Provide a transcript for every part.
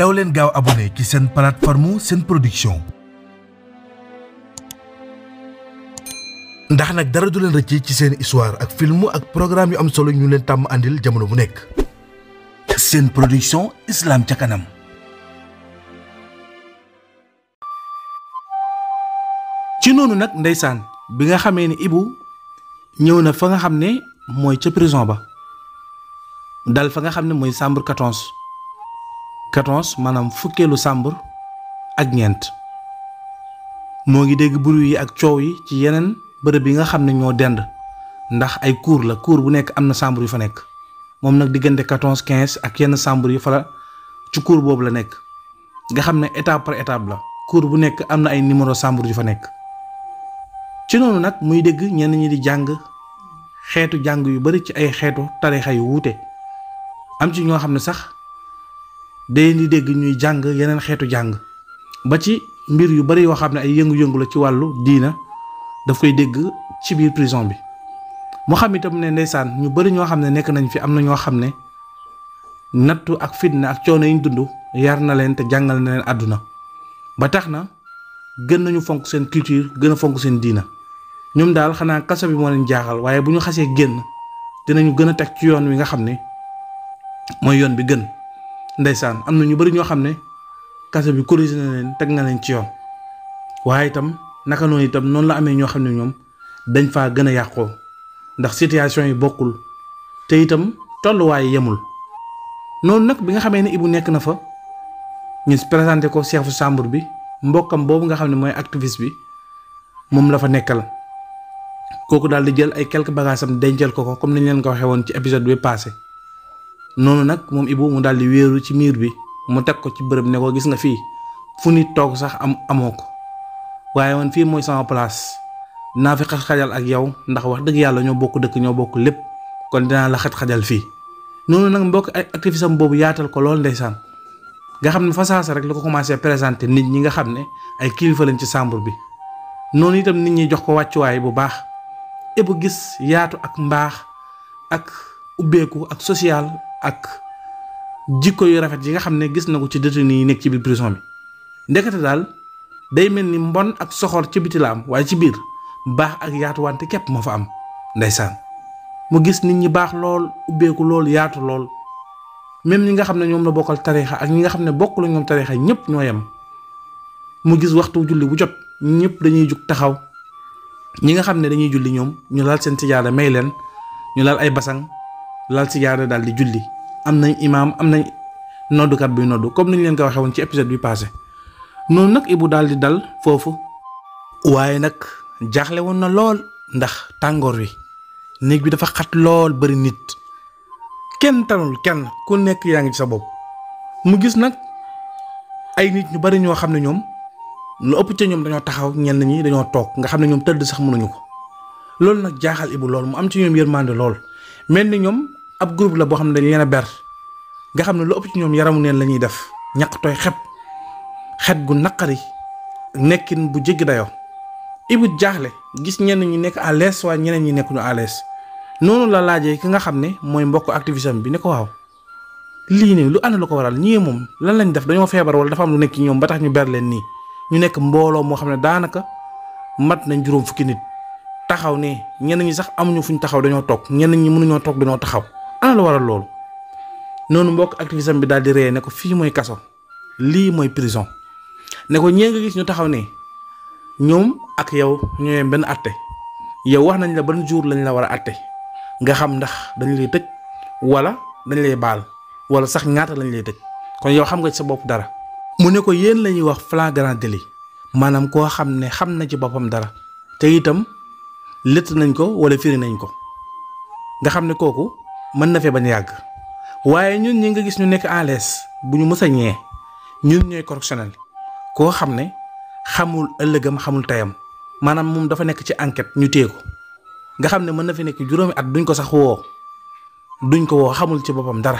daw leen gaaw abonné ci seen plateforme seen production ndax nag dara du leen rëcc ci seen histoire ak film ak programme yu am solo ñu leen tàmm àndil jamono bu nekk seen production Islam ca kanam ci noonu nag ndeysaan bi nga xamee ni ibu ñëw na fa nga xam ne mooy ca prison ba dal fa nga xam ne mooy chambre 14 quatorze maanaam fukkeelu sàmbur ak ñeent moo ngi dégg bruit yi ak coow yi ci yeneen bërëb yi nga xam ne ñoo dend ndax ay cour la cour bu nekk am na sàmbur yu fa nekk moom nag diggante quinze ak yenn sàmbur yi fa ci cour boobu la nekk nga xam ne étape par étape la cour bu nekk am na ay numéro sàmbur yu fa nekk ci noonu nag muy dégg ñenn ñi di jàng xeetu jàng yu bari ci ay xeetu tarixa yu wuute am ci ñoo xam ne sax day di dégg ñuy jàng yeneen xeetu jàng ba ci mbir yu bari yoo xam ne ay yëngu-yëngu la ci wàllu diina daf koy dégg ci biir prison bi mu xam itam ne ndeysaan ñu bari ñoo xam ne nekk nañ fi am na ñoo xam ne nattu ak fitna ak coono yi ñu dund yar na leen te jàngal na leen àdduna ba tax na gën nañu fonk seen culture gën a fonk seen diina ñoom daal xanaa kaso bi moo leen jaaxal waaye bu ñu xasee génn dinañu gën a teg ci yoon wi nga xam ne mooy yoon bi gën ndeysaan am na ñu bëri ñoo xam ne kaso bi corrigé na leen teg na leen ci yoon waaye itam naka noonu itam noonu la amee ñoo xam ne ñoom dañ faa gën a yàqoo ndax situation yi bokkul te itam tolluwaay yemul noonu nag bi nga xamee ne Ibou nekk na fa ñu présenté ko chefu chambre bi mbokkam boobu nga xam ne mooy activise bi moom la fa nekkal kooku daal di jël ay quelques bagages am ko ko comme ni ñu leen ko waxee woon ci épisode bi passé noonu nag moom Ibou mu daal di wéeru ci miir bi mu teg ko ci bërëb ne ko gis nga fii fu nit toog sax am amoo ko waaye man fii mooy sama place naa fi xaj-xajal ak yow ndax wax dëgg yàlla ñoo bokk dëkk ñoo bokk lépp kon dinaa la xaj-xajal fii. noonu nag mbokk ay activiste am boobu yaatal ko loolu ndeysaan nga xam ne fa saasa rek la ko commencé présenté nit ñi nga xam ne ay kilifa lañ ci chambre bi noonu itam nit ñi jox ko wàccuwaay bu baax Ibou gis yaatu ak mbaax ak ubbeeku ak social. ak jikko yu rafet yi nga xam ne gis na ko ci détenu yi nekk ci biir prison bi ndekete daal day mel ni mbon ak soxor ci biti la am waaye ci biir baax ak yaatu yaatuwante képp moo fa am ndeysaan mu gis nit ñi baax lool ubbeeku lool yaatu lool même ñi nga xam ne ñoom la bokkal tariixa ak ñi nga xam ne bokkul ñoom tariixa ñëpp ñoo yem mu gis waxtu julli bu jot ñëpp dañuy jug taxaw ñi nga xam ne dañuy julli ñoom ñu laal seen sijaada may leen ñu laal ay basang laal si jaada daal di julli am nañ imaam am nañ noddukat buy noddu comme niñ leen ko waxee woon ci épisode bi passé noonu nag Ibou daal di dal foofu waaye nag jaaxle woon na lool ndax tàngoor wi néeg bi dafa xat lool bari nit kenn tanul kenn ku nekk yaa ngi ci sa bopp mu gis nag ay nit ñu bari ñoo xam ne ñoom lu ëpp ca ñoom dañoo taxaw ñenn ñi dañoo toog nga xam ne ñoom tëdd sax mënuñu ko loolu nag jaaxal Ibou lool mu am ci ñoom yërmande lool mel ñoom ab groupe la boo xam ne dañ leen a ber nga xam ne lu ëpp ci ñoom yaramu neen la ñuy def ñaq tooy xep xet gu naqari nekkin bu jéggi dayoo ibut jaaxle gis ñenn ñi nekk à l'aise waaye ñeneen ñi nekkuñu ñu à l'aise noonu la laajee ki nga xam ne mooy mbokk activisme bi ne ko waaw lii ne lu ànd lu ko waral ñii moom lan lañ def dañoo feebar wala dafa am lu nekk ñoom ba tax ñu ber leen nii ñu nekk mbooloo moo xam ne daanaka mat nañ juróom fukki nit taxaw ne ñenn ñi sax amuñu fuñ taxaw dañoo toog ñenn ñi mënuñoo toog dañoo taxaw. ana lu waral loolu noonu mbokk activisme bi daal di ree ne ko fii mooy kaso lii mooy prison ne ko ñee nga gis ñu taxaw ne ñoom ak yow ñooyee benn atte yow wax nañ la ban jour lañ la war a atte nga xam ndax dañu lay tëj wala dañ lay baal wala sax ñaata lañ lay tëj kon yow xam nga ci sa bopp dara mu ne ko yéen la ñuy wax flagrant délit maanaam koo xam ne xam na ci boppam dara te itam létt nañ ko wala firi nañ ko nga xam ne kooku mën na fee ba a yàgg waaye ñun ñi nga gis ñu nekk en l'aise bu ñu mës a ñee ñun ñooy correctionnel koo xam ne xamul ëllëgam xamul tayam maanaam moom dafa nekk ci enquête ñu téye ko nga xam ne mën na fi nekk juróomi at duñ ko sax woo duñ ko woo xamul ci boppam dara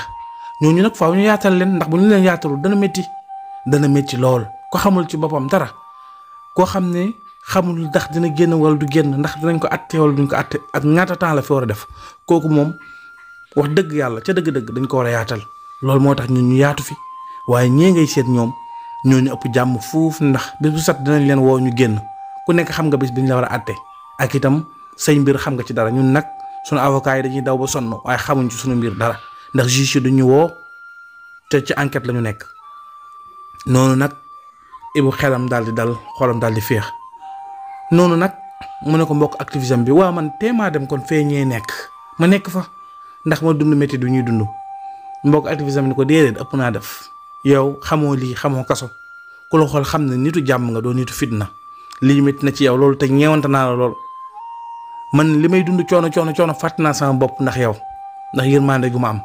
ñooñu nag faaw ñu yaatal leen ndax bu ñu leen yaatalul dana métti dana métti lool ko xamul ci boppam dara koo xam ne xamul ndax dina génn wala du génn ndax dinañ ko àtte wala duñ ko àtte ak ñaata temps la fi a def kooku moom. wax dëgg yàlla ca dëgg-dëgg dañ ko war a yaatal loolu moo tax ñu ñu yaatu fi waaye ñee ngay seet ñoom ñoo ñu ëpp jàmm fuuf ndax bis bu sat dinañ leen woo ñu génn ku nekk xam nga bis bi ñu la war a àtte ak itam say mbir xam nga ci dara ñun nag sunu avocat yi dañuy daw ba sonn waaye xamuñ ci sunu mbir dara ndax du ñu woo te ci enquête la nekk noonu nag ibu xelam daal di dal xolam daal di féex noonu nag mu ne ko mbokk activisme bi waa man teemaa dem nekk ndax ma dund métti du ñuy dund mbokk activisme ni ko déedéet ëpp naa def yow xamoo lii xamoo kaso ku la xool xam ne nitu jàmm nga doo nitu fitna lii métti na ci yow loolu te ñeewante naa la lool man li may dund coono coono coono fàtte naa sama bopp ndax yow ndax yërmande gu ma am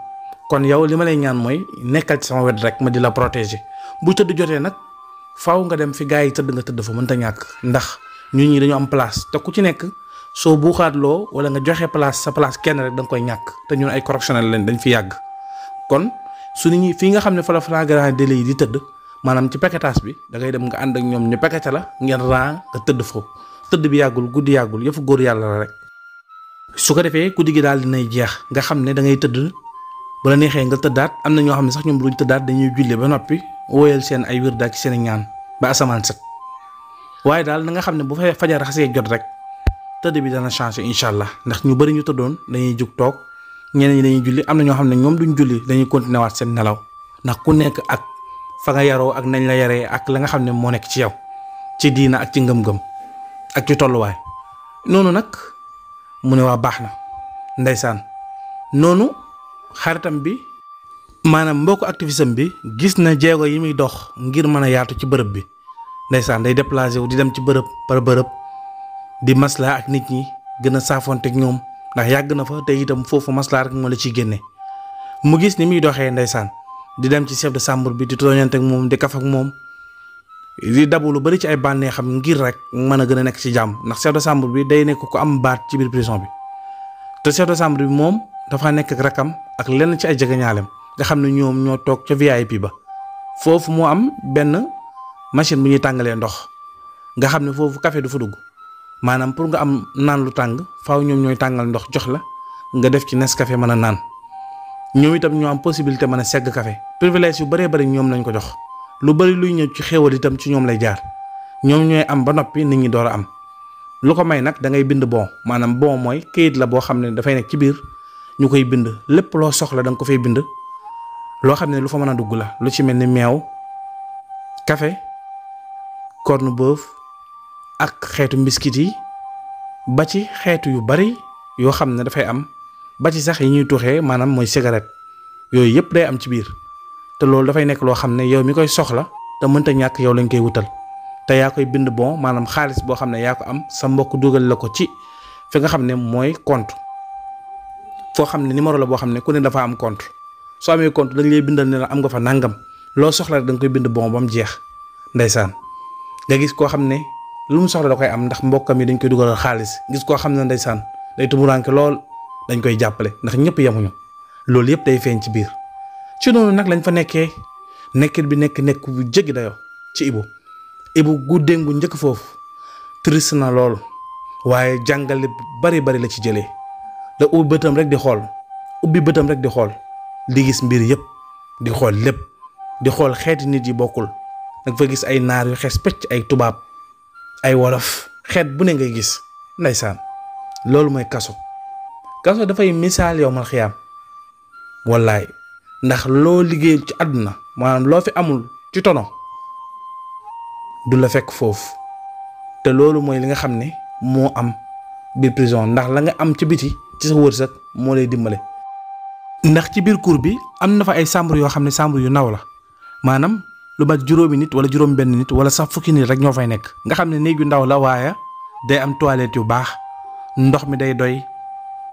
kon yow li ma lay ñaan mooy nekkal ci sama wet rek ma di la protéger bu tëdd jotee nag faw nga dem fi gars yi tëdd nga tëdd fa mënta ñàkk ndax ñun ñi dañu am place te ku ci nekk. soo loo wala nga joxe place sa place kenn rek danga koy ñàkk te ñoo ay correctionnel lañ dañ fi yàgg kon su nit ñi fii nga xam ne fa la flagrant délit yi di tëdd maanaam ci paquetage bi dangay dem nga ànd ak ñoom ñu paqueté la ngeen raa nga tëdd foofu tëdd bi yàggul guddi yàggul yëfu góor yàlla la rek su ko defee guddi gi daal dinay jeex nga xam ne da ngay tëdd bu la neexee nga tëddaat am na ñoo xam ne sax ñoom luñ tëddaat dañuy julli ba noppi wóoyal seen ay wirda ci seen ñaan ba asamaan set daal na nga xam ne bu fay jot rek tëdd bi dana changé incha allah ndax ñu bëri ñu tëddoon dañuy jug toog ñeneen ñi dañuy julli am na ñoo xam ne ñoom duñ julli dañuy continué seen nelaw ndax ku nekk ak fa nga yaroo ak nañ la yaree ak la nga xam ne moo nekk ci yow ci diina ak ci ngëm-ngëm ak ci tolluwaay noonu nag mu ne waa baax na ndeysaan noonu xaritam bi maanaam mbokk activisme bi gis na jéego yi muy dox ngir mën a yaatu ci bërëb bi ndeysaan day déplacé di dem ci bërëb par di maslaa ak nit ñi gën a saafoonteeg ñoom ndax yàgg na fa te itam foofu maslaa rek moo la ciy génne mu gis ni muy doxee ndeysaan di dem ci chef de chambre bi di tooñante moom di kaf ak moom di lu bari ci ay bànnee ngir rek mën a gën a nekk ci jàmm ndax chef bi day nekk ku am baat ci biir prison bi te chef de chambre bi moom dafa nekk ak rakam ak lenn ci ay jegeñaaleem nga xam ne ñoom ñoo toog ca VIP ba foofu mu am benn machine bu ñuy tàngalee ndox nga xam ne foofu kafe du fa dugg maanaam pour nga am naan lu tàng faaw ñoom ñooy tàngal ndox jox la nga def ci nes Nescafé mën a naan ñoom itam ñoo am possibilité mën a segg kafe privilège yu bëree bëri ñoom lañ ko jox lu bari luy ñëw ci xéewal itam ci ñoom lay jaar ñoom ñooy am ba noppi nit ñi door a am lu ko may nag da ngay bind bon maanaam bon mooy këyit la boo xam ne dafay nekk ci biir ñu koy bind lépp loo soxla danga ko fay bind loo xam ne lu fa mën a dugg la lu ci mel ni meew café corne bœuf ak xeetu mbiskit yi ba ci xeetu yu bari yoo xam ne dafay am ba ci sax yi ñuy tuxee maanaam mooy cigarette yooyu yëpp day am ci biir te loolu dafay nekk loo xam ne yow mi koy soxla te mënta ñàkk yow lañ koy wutal te yaa koy bind bon maanaam xaalis boo xam ne yaa ko am sa mbokk dugal la ko ci fi nga xam ne mooy compte foo xam ne numéro la boo xam ne ku ne dafa am compte soo amee compte dañ lay bindal ne la am nga fa nangam loo soxla rek da koy bind bon ba jeex ndeysaan nga gis koo xam ne lu mu soxla da koy am ndax mbokkam yi dañ koy dugalal xaalis gis koo xam ne ndeysaan day tumuranke lool dañ koy jàppale ndax ñëpp yemuñu loolu yëpp day feeñ ci biir ci noonu nag lañ fa nekkee nekkit bi nekk nekk bu jéggi dayoo ci ibu ibu guddeen gu njëkk foofu triste na lool waaye jàngale bari bari la ci jëlee da ubbi bëtam rek di xool ubbi bëtam rek di xool di gis mbir yëpp di xool lépp di xool xeeti nit yi bokkul da nga fa gis ay naar yu xees pecc ay tubaab ay wolof xeet bu ne ngay gis ndeysaan loolu mooy kaso kaso dafay misaal yow mal xiyaam wallaay ndax loo liggéeyul ci àdduna maanaam loo fi amul ci tono du la fekk foofu te loolu mooy li nga xam ne moo am biir prison ndax la nga am ci biti ci sa wërsëg moo lay dimbale ndax ci biir cour bi am na fa ay chambre yoo xam ne chambre yu ndaw la maanaam lu mat juróomi nit wala juróom benn wala sax fukki nit rek ñoo fay nekk nga xam ne néeg yu ndaw la waaye day am toilette yu baax ndox mi day doy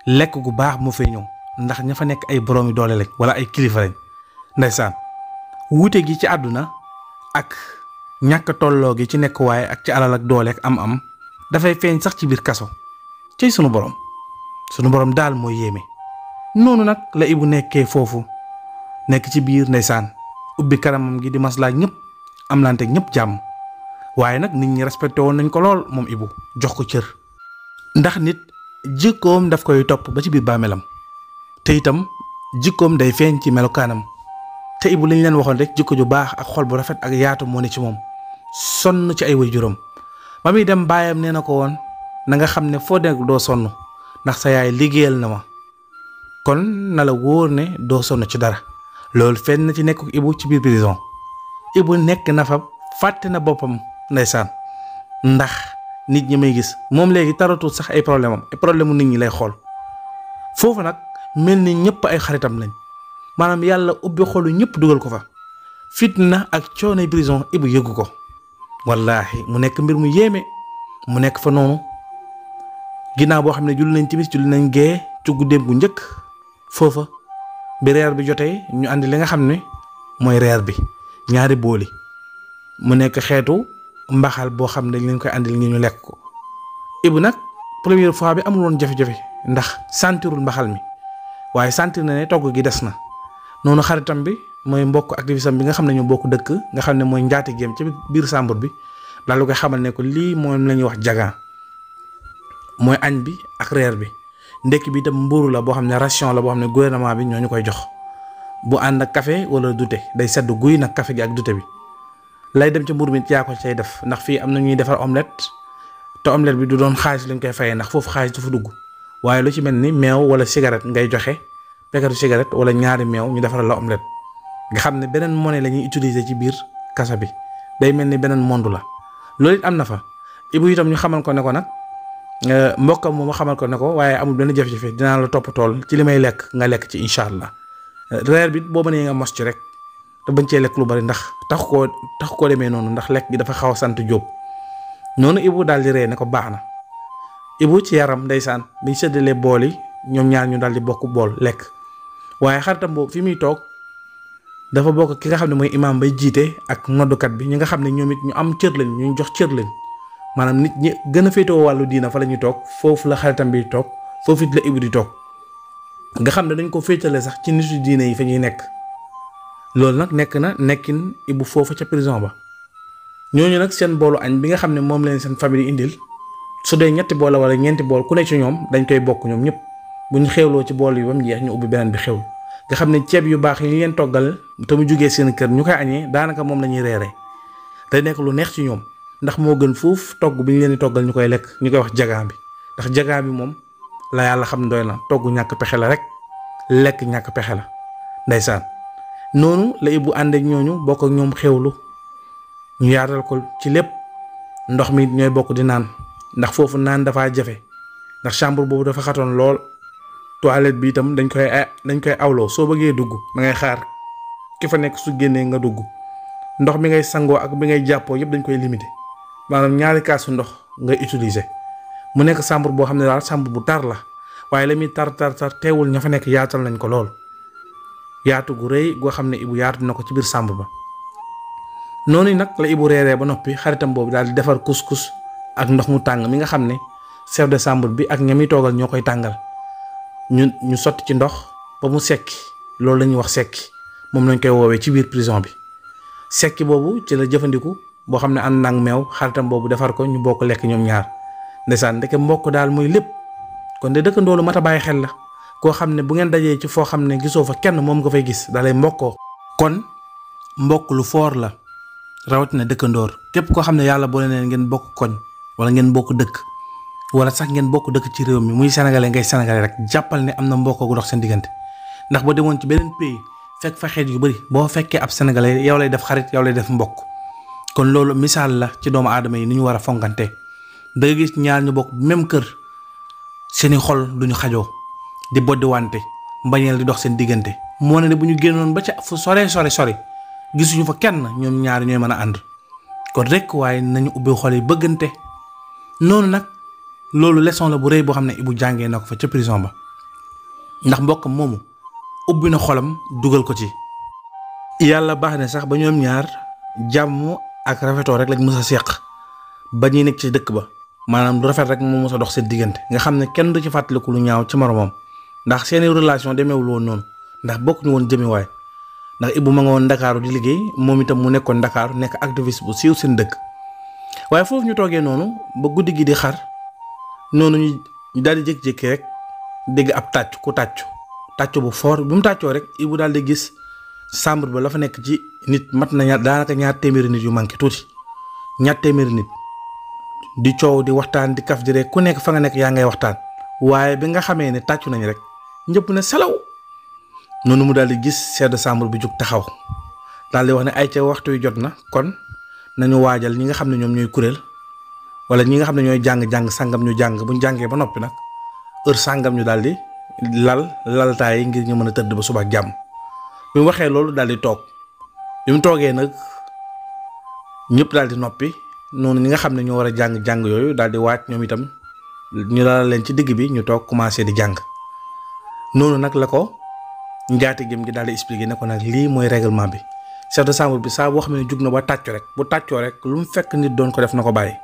lekk gu baax mu fay ñëw ndax ña fa nekk ay borom yu doole lañ wala ay kilifa ndaysaan ndeysaan wuute gi ci àdduna ak ñàkk tolloo gi ci nekk waaye ak ci alal ak doole ak am-am dafay feeñ sax ci biir kaso cey sunu borom sunu borom daal mooy yéeme noonu nag la Ibou nekkee foofu nekk ci biir ndeysaan ubbi kanamam gi di maslaak ñëpp am lante ñëpp jàmm waaye nag nit ñi respecté woon nañ ko lool moom Ibou jox ko cër ndax nit jikkoom daf koy topp ba ci biir bàmmeelam te itam jikkoom day feeñ ci melokaanam te Ibou li ñu leen waxoon rek jikko ju baax ak xol bu rafet ak yaatu moo ne ci moom sonn ci ay waajuram ba muy dem baayam nee na ko woon na nga xam ne foo nekk doo sonn ndax sa yaay liggéeyal na ma kon na la wóor ne doo sonn ci dara loolu fenn na ci nekk Ibou ci biir prison Ibou nekk na fa fàtte na boppam ndeysaan ndax nit ñi may gis moom léegi taratul sax ay problème ay problème mu nit ñi lay xool foofa nag mel ni ñëpp ay xaritam lañ maanaam yàlla ubbi xolu ñëpp dugal ko fa fitna ak coonay prison Ibou yëgu ko wallaahi mu nekk mbir mu yéeme mu nekk fa noonu ginnaaw boo xam ne julli nañ timis julli nañ gee ci guddeem bu njëkk foofa bi reer bi jotee ñu andi li nga xam ne mooy reer bi ñaari booli mu nekk xeetu mbaxal boo xam ne dañ leen koy andil ngi ñu ko ibu nag première fois bi amul woon jafe ndax sentirul mbaxal mi waaye sentir na ne togg gi des na noonu xaritam bi mooy mbokk activisme bi nga xam ne ñoo bokk dëkk nga xam ne mooy njaati géem ci biir sàmbur bi daal lu koy xamal ne ko lii moom la ñuy wax jagan mooy añ bi ak reer bi ndekki bi itam mburu la boo xam ne ration la boo xam ne gouvernement bi ñoo ñu koy jox bu ànd ak kafe wala dute day sedd guy nag kafe gi ak dute bi lay dem ci mburu mi yaa ko cay def ndax fii am na ñuy defar omelette te omelette bi du doon xaalis lañ koy fayee ndax foofu xaalis dafa dugg waaye lu ci mel ni meew wala cigarette ngay joxe pekkatu cigarette wala ñaari meew ñu defaral la omelette nga xam ne beneen monnaie la ñuy utiliser ci biir kasa bi day mel ni beneen monde la loolu it am na fa ibu itam ñu xamal ko ne ko nag. Euh, mbokkam moom xamal ko ne ko waaye amul benn jafe-jafe dinaa la topp tool ci li may lekk nga lekk ci incha allah euh, reer bi boo mënee nga mos ci rek te bañ cee lekk lu bari ndax tax koo tax koo demee noonu ndax lekk gi dafa xaw a sant jóob noonu Ibou daal di ree ne ko baax na ibu ci yaram ndeysaan biñ seddalee bool yi ñoom ñaar ñu daal di bokk bool lekk waaye xaritam boobu fi muy toog dafa bokk ki nga xam ne mooy imaam bay jiite ak noddukat bi ñi nga xam ne ñoom it ñu am cër lañ ñu jox cër lañ. maanaam nit ñi gën a féetewoo wàllu diina fa la ñuy toog foofu la xaritam bi toog foofu it la ibu di toog nga xam ne dañ ko féetale sax ci nitu diine yi fa ñuy nekk loolu nag nekk na nekkin ibu foofu ca prison ba ñooñu nag seen boolu añ bi nga xam ne moom leen seen famille indil su dee ñetti bool wala ñeenti bool ku ne ci ñoom dañ koy bokk ñoom ñëpp bu ñu xewloo ci bool yi ba mu jeex ñu ubbi beneen bi xew nga xam ne ceeb yu baax yi ñu leen toggal te mu jugee seen kër ñu koy añee daanaka moom la ñuy reeree day nekk lu neex ci ñoom ndax moo gën fuuf togg bi ñu leen di toggal ñu koy lekk ñu koy wax jagaa bi ndax jagaa bi moom la yàlla xam doy na togg ñàkk pexe la rek lekk ñàkk pexe la ndeysaan noonu la Ibou ànd ak ñooñu bokk ak ñoom xewlu ñu yaatal ko ci lépp ndox mi ñooy bokk di naan ndax foofu naan dafa jafe ndax chambre boobu dafa xatoon lool toilette bi itam dañ koy dañ koy awloo soo bëggee dugg da ngay xaar ki fa nekk su génnee nga dugg ndox mi ngay sangoo ak bi ngay jàppoo yëpp dañ koy limité maanaam ñaari kaasu ndox nga utilise mu nekk chambre boo xam ne daal chambre bu tar la waaye la muy tar tar tar teewul ña fa nekk yaatal nañ ko lool yaatu gu rëy goo xam ne ibu yaatu na ko ci biir chambre ba noonu nag la ibu reeree ba noppi xaritam boobu daal di defar kus-kus ak ndox mu tàng mi nga xam ne chef de chambre bi ak ña muy toogal ñoo koy tàngal ñu ñu sotti ci ndox ba mu sekki loolu lañuy wax sekki moom lañ koy woowee ci biir prison bi sekki boobu ci la jëfandiku boo xam ne ànd na ak meew xaritam boobu defar ko ñu bokk lekk ñoom ñaar ndeysaan ndeke mbokk daal muy lépp kon de dëkkandoo lu bàyyi xel la koo xam ne bu ngeen dajee ci foo xam ne gisoo fa kenn moom nga fay gis dalay mbokkoo kon mbokk lu foor la rawatina dëkkandoor képp koo xam ne yàlla boole neen ngeen bokk koñ wala ngeen bokk dëkk wala sax ngeen bokk dëkk ci réew mi muy sénégalais ngay sénégalais rek jàppal ne am na mbokkoo gu dox seen diggante ndax ba demoon ci beneen pays fekk fa xeet yu bari boo fekkee ab sénégalais yow lay def xarit yow lay def mbokk kon loolu misaal la ci doomu aadama yi ni ñu war a fonkante da nga gis ñaar ñu bokk même kër seeni xol duñu xajoo di boddiwante mbañeel di dox seen diggante moo ne ne bu ñu génnoon ba ca fu sore sore sore gisuñu fa kenn ñoom ñaar ñooy mën a ànd kon rekk waaye nañu ubbi xol yi bëggante noonu nag loolu leçon la bu rëy boo xam ne bu jàngee na ko fa ca prison ba ndax mbokk moomu ubbi na xolam dugal ko ci yàlla baax na sax ba ñoom ñaar jàmm ak rafetoo rek lañ mës a seq ba ñi nekk ci dëkk ba maanaam du rafet rek mu mës sa dox seen diggante nga xam ne kenn du ci fàttaliku lu ñaaw ci moromam ndax seeni relation demeewul woon noonu ndax bokkuñu woon jëmiwaay ndax Ibou ma nga woon Ndakaaru di liggéey moom itam mu nekkoon Ndakaaru nekk activiste bu siiw seen dëkk waaye foofu ñu toogee noonu ba guddi gi di xar noonu ñu daal di jékki-jékki rek dégg ab tàcc ku tàcc tàcc bu fort bi mu tàccoo rek Ibou daal di gis. chambre bi la fa nekk ci nit mat na ñaar daanaka ñaar téeméeri nit yu manqué tuuti ñaar téeméeri nit di coow di waxtaan di kaf di rek ku nekk fa nga nekk yaa ngay waxtaan waaye bi nga xamee ne tàccu nañu rek ñëpp ne salaw noonu mu daal di gis sedd de chambre bi jug taxaw daal di wax ne ay ca waxtu yu jot na kon nañu waajal ñi nga xam ne ñoom ñooy kuréel wala ñi nga xam ne ñooy jàng-jàng sàngam ñu jàng buñ jàngee ba noppi nag heure sàngam ñu daal di lal laltaay ngir ñu mën a tëdd ba suba jàmm bi mu waxee loolu daal di toog bi mu toogee nag ñëpp daal di noppi noonu ñi nga xam ne ñoo war a jàng jàng yooyu daal di waaj ñoom itam ñu dalal leen ci digg bi ñu toog commencé di jàng noonu nag la ko njaati gém gi daal di expliqué ne ko nag lii mooy réglement bi set de bi saa boo xam ne jug na ba tàccu rek bu tàccoo rek lu mu fekk nit doon ko def na ko bàyyi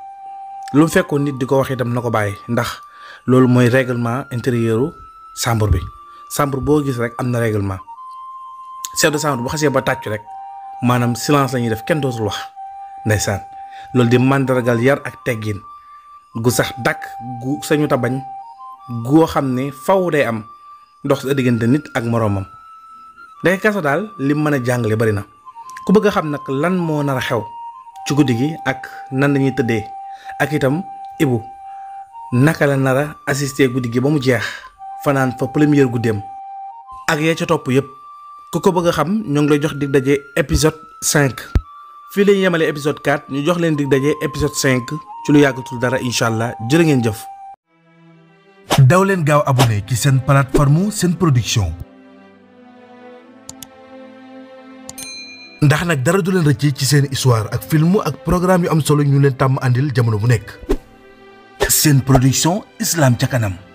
lu mu fekkoon nit di ko wax itam na ko bàyyi ndax loolu mooy règlement intérieur chambre bi chambre boo gis rek am na règlement chef de chambre bu xasee ba tàccu rek maanaam silence la ñuy def kenn dootul wax ndeysaan loolu di màndargal yar ak teggin gu sax dàkk gu sañu tabañ bañ goo xam ni faw day am dox sa diggante nit ak moroomam day kaso daal li mën a jàngale bari na ku bëgg a xam nag lan moo nar a xew ci guddi gi ak nan lañuy tëddee ak itam ibu naka la nar a assister guddi gi ba mu jeex fanaan fa première guddeem ak yee ca topp yëpp ku ko bëgg a xam ñoo ngi lay jox dig daje épisode cinq fii la yemale épisode quatre ñu jox leen dig daje épisode cinq ci lu yàggatul dara incha allah jërë ngeen jëf. daw leen gaaw abonné ci seen plateforme seen production. ndax nag dara du leen rëcc ci seen histoire ak film ak programme yu am solo ñu leen tàmm àndil jamono bu nekk. seen production Islam ca kanam.